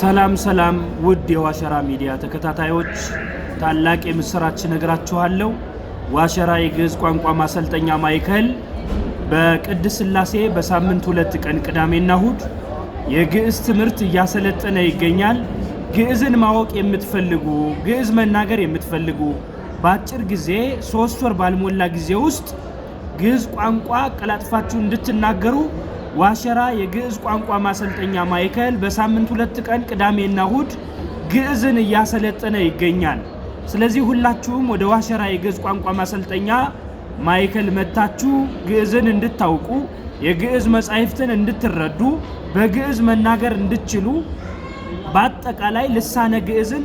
ሰላም ሰላም፣ ውድ የዋሸራ ሚዲያ ተከታታዮች ታላቅ የምስራች ነግራችኋለሁ። ዋሸራ የግዕዝ ቋንቋ ማሰልጠኛ ማዕከል በቅድስ ሥላሴ በሳምንት ሁለት ቀን ቅዳሜና እሁድ የግዕዝ ትምህርት እያሰለጠነ ይገኛል። ግዕዝን ማወቅ የምትፈልጉ ግዕዝ መናገር የምትፈልጉ በአጭር ጊዜ ሶስት ወር ባልሞላ ጊዜ ውስጥ ግዕዝ ቋንቋ ቀላጥፋችሁ እንድትናገሩ ዋሸራ የግዕዝ ቋንቋ ማሰልጠኛ ማዕከል በሳምንት ሁለት ቀን ቅዳሜና እሁድ ግዕዝን እያሰለጠነ ይገኛል። ስለዚህ ሁላችሁም ወደ ዋሸራ የግዕዝ ቋንቋ ማሰልጠኛ ማዕከል መጥታችሁ ግዕዝን እንድታውቁ፣ የግዕዝ መጻሕፍትን እንድትረዱ፣ በግዕዝ መናገር እንድትችሉ፣ በአጠቃላይ ልሳነ ግዕዝን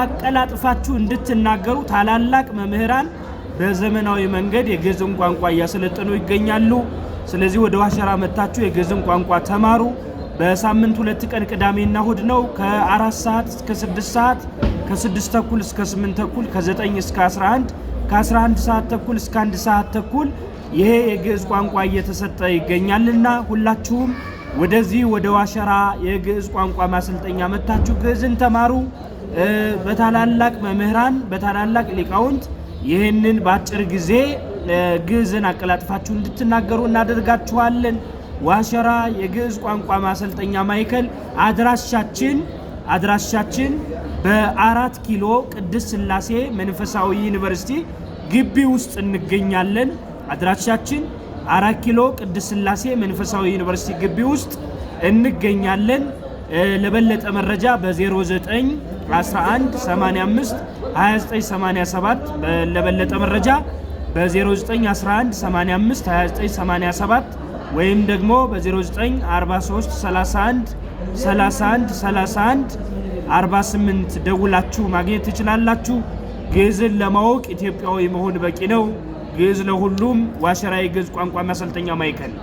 አቀላጥፋችሁ እንድትናገሩ ታላላቅ መምህራን በዘመናዊ መንገድ የግዕዝን ቋንቋ እያሰለጠኑ ይገኛሉ። ስለዚህ ወደ ዋሸራ መጥታችሁ የግዕዝን ቋንቋ ተማሩ። በሳምንት ሁለት ቀን ቅዳሜና እሁድ ነው ከአራት ሰዓት እስከ ስድስት ሰዓት ከስድስት ተኩል እስከ ስምንት ተኩል ከዘጠኝ እስከ አስራ አንድ ከአስራ አንድ ሰዓት ተኩል እስከ አንድ ሰዓት ተኩል ይሄ የግዕዝ ቋንቋ እየተሰጠ ይገኛልና ሁላችሁም ወደዚህ ወደ ዋሸራ የግዕዝ ቋንቋ ማሰልጠኛ መታችሁ ግዕዝን ተማሩ። በታላላቅ መምህራን በታላላቅ ሊቃውንት ይህንን በአጭር ጊዜ ግዕዝን አቀላጥፋችሁ እንድትናገሩ እናደርጋችኋለን። ዋሸራ የግዕዝ ቋንቋ ማሰልጠኛ ማዕከል አድራሻችን አድራሻችን በአራት ኪሎ ቅድስት ስላሴ መንፈሳዊ ዩኒቨርሲቲ ግቢ ውስጥ እንገኛለን። አድራሻችን አራት ኪሎ ቅድስት ስላሴ መንፈሳዊ ዩኒቨርሲቲ ግቢ ውስጥ እንገኛለን። ለበለጠ መረጃ በ0911 85 2987 ለበለጠ መረጃ በ0911852987 ወይም ደግሞ በ0943313131 48 ደውላችሁ ማግኘት ትችላላችሁ። ግዕዝን ለማወቅ ኢትዮጵያዊ መሆን በቂ ነው። ግዕዝ ለሁሉም ዋሸራ የግዕዝ ቋንቋ ማሰልጠኛ ማዕከል